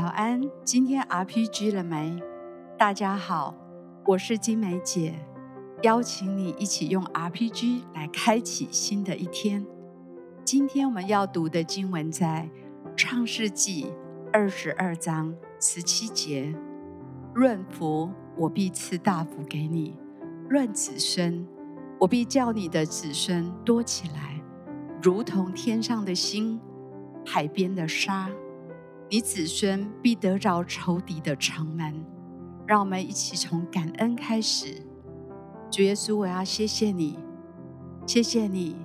早安，今天 RPG 了沒？大家好，我是晶玫姊，邀請你一起用 RPG 來開啟新的一天。今天我們要讀的經文在創世紀二十二章十七節：“論福，我必賜大福給你；論子孫，我必叫你的子孫多起來，如同天上的星，海邊的沙。”你子孫必得著仇敵的城門，讓我們一起從感恩開始。主耶穌，我要謝謝你，謝謝你。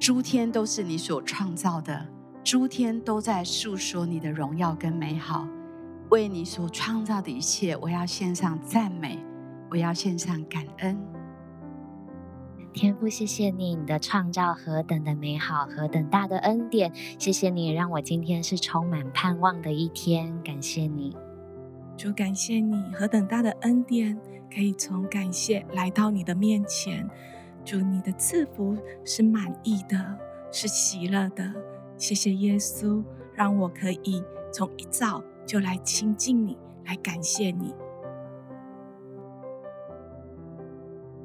諸天都是你所創造的，諸天都在訴說你的榮耀跟美好。為你所創造的一切，我要獻上讚美，我要獻上感恩。天父，謝謝你，你的創造何等的美好，何等大的恩典，謝謝你讓我今天是充滿盼望的一天，感謝你，主，感謝你何等大的恩典，可以從感謝來到你的面前，主，你的賜福是滿意的，是喜樂的，謝謝耶穌，讓我可以從一早就來親近你，來感謝你。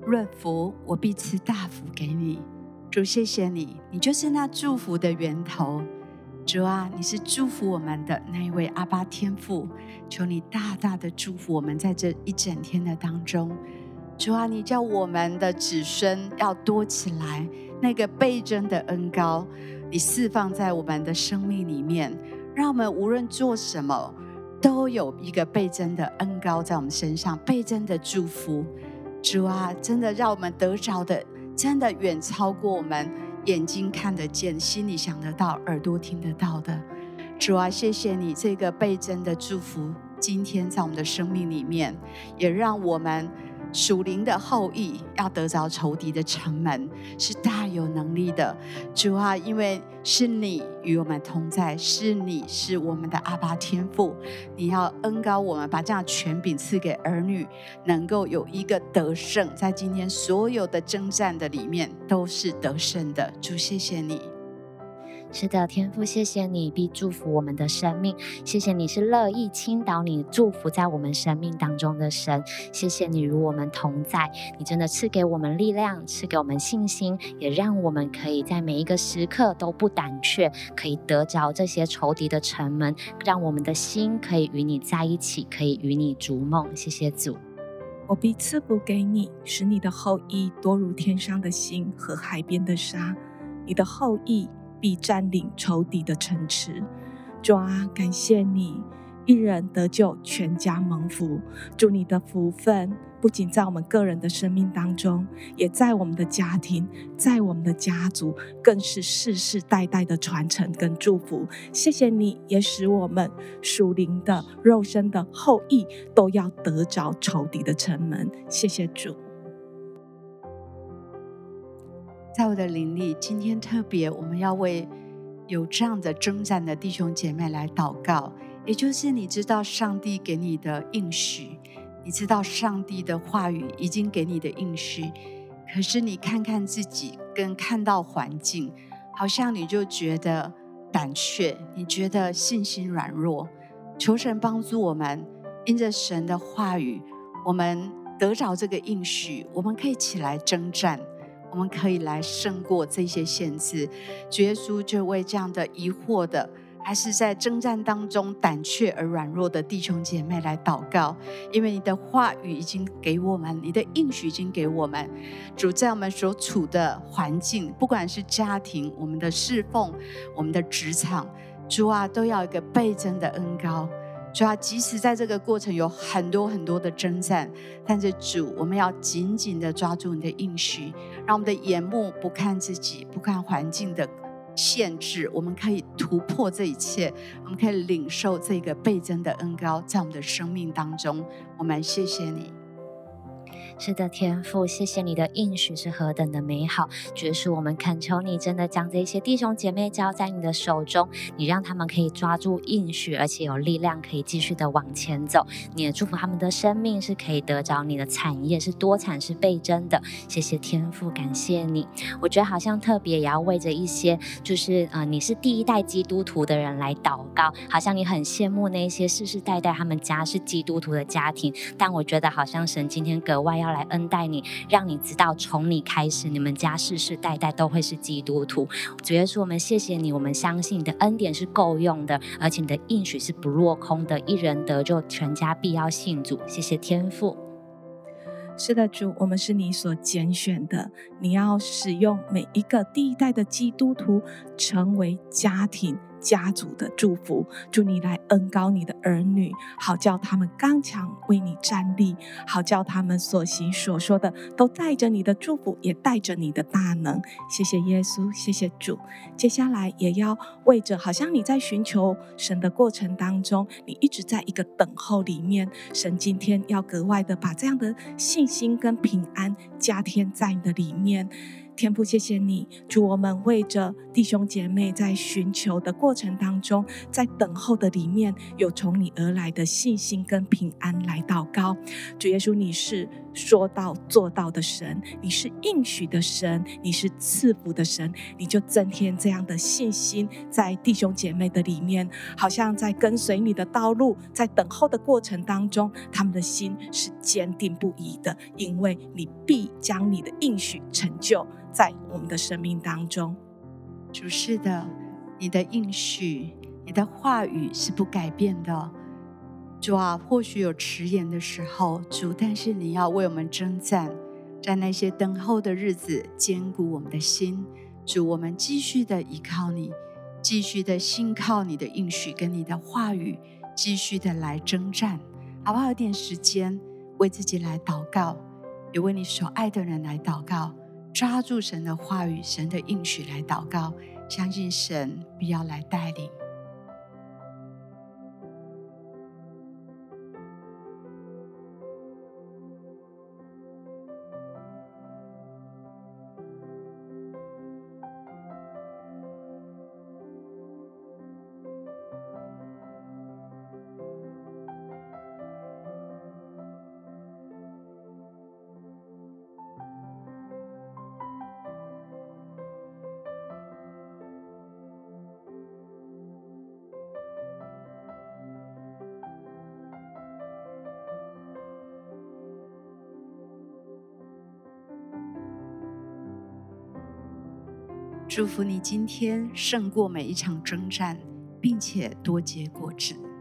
論福，我必賜大福給你。主，謝謝你，你就是那祝福的源頭。主啊，你是祝福我們的那一位阿爸天父。求你大大的祝福我們在這一整天的當中。主啊，你叫我們的子孫要多起來，那個倍增的恩膏，你釋放在我們的生命裡面，讓我們無論做什麼，都有一個倍增的恩膏在我們身上，倍增的祝福。主啊，真的讓我們得着的，真的遠超過我們眼睛看得見、心裡想得到、耳朵聽得到的。主啊，謝謝你這個倍增的祝福，今天在我們的生命裡面，也讓我們。屬靈的後裔要得着仇敵的城門，是大有能力的。主啊，因為是你與我們同在，是你是我們的阿爸天父，你要恩膏我們，把這樣的權柄賜給兒女，能夠有一個得勝，在今天所有的征戰的裡面都是得勝的。主，謝謝你。是的，天父，謝謝你必祝福我們的生命。謝謝你是樂意傾倒你祝福在我們生命當中的神。謝謝你與我們同在，你真的賜給我們力量，賜給我們信心，也讓我們可以在每一個時刻都不膽怯，可以得着這些仇敵的城門，讓我們的心可以與你在一起，可以與你逐夢。謝謝主，我必賜福給你，使你的後裔多如天上的星和海邊的沙。你的後裔。必佔領仇敵的城池。主啊，感謝你一人得救，全家蒙福。祝你的福分不僅在我們個人的生命當中，也在我們的家庭，在我們的家族，更是世世代代的傳承跟祝福。謝謝你，也使我們屬靈的、肉身的後裔都要得着仇敵的城門。謝謝主。在我的靈裡，今天特別我們要為有這樣的征戰的弟兄姐妹來禱告。也就是你知道上帝給你的應許，你知道上帝的話語已經給你的應許，可是你看看自己跟看到環境，好像你就覺得膽怯，你覺得信心軟弱。求神幫助我們，因着神的話語，我們得著這個應許，我們可以起來征戰。我們可以來勝過這些限制，主耶穌就為這樣的疑惑的，還是在征戰當中膽怯而軟弱的弟兄姐妹來禱告，因為你的話語已經給我們，你的應許已經給我們。主，在我們所處的環境，不管是家庭、我們的侍奉、我們的職場，主啊，都要一個倍增的恩膏。」所以，即使在這個過程有很多很多的征戰，但是主，我們要緊緊地抓住你的應許，讓我們的眼目不看自己，不看環境的限制，我們可以突破這一切，我們可以領受這個倍增的恩膏，在我們的生命當中，我們謝謝你。是的，天父，謝謝你的應許是何等的美好。就是，我們懇求你，真的將這些弟兄姐妹交在你的手中，你讓他們可以抓住應許，而且有力量可以繼續的往前走。你也祝福他們的生命是可以得着你的產業，是多產，是倍增的。謝謝天父，感謝你。我覺得好像特別也要為着一些，就是呃，你是第一代基督徒的人來禱告，好像你很羨慕那些世世代代他們家是基督徒的家庭，但我覺得好像神今天格外要。要來恩待你，讓你知道從你開始，你們家世世代代都會是基督徒。主耶穌，我們謝謝你，我們相信你的恩典是夠用的，而且你的應許是不落空的。一人得救，全家必要信主。謝謝天父，是的，主，我們是你所揀選的，你要使用每一個地帶的基督徒成為家庭。家族的祝福，祝你來恩膏你的兒女，好叫他們剛強，為你站立；好叫他們所行所說的都帶着你的祝福，也帶着你的大能。謝謝耶穌，謝謝主。接下來也要為着，好像你在尋求神的過程當中，你一直在一個等候裡面，神今天要格外的把這樣的信心跟平安加添在你的裡面。天父，謝謝你，主我們為着弟兄姐妹在尋求的過程當中，在等候的裡面，有從你而來的信心跟平安來禱告。主耶穌，你是。說到做到的神，你是應許的神，你是賜福的神，你就增添這樣的信心，在弟兄姐妹的裡面，好像在跟隨你的道路，在等候的過程當中，他們的心是堅定不移的，因為你必將你的應許成就在我們的生命當中。主，是的，你的應許，你的話語是不改變的。主啊，或許有遲延的時候，主，但是你要為我們征戰，在那些等候的日子，堅固我們的心。主，我們繼續的依靠你，繼續的信靠你的應許跟你的話語，繼續的來征戰，好不好？有點時間為自己來禱告，也為你所愛的人來禱告，抓住神的話語、神的應許來禱告，相信神必要來帶領。祝福你今天勝過每一場征戰，並且多結果子。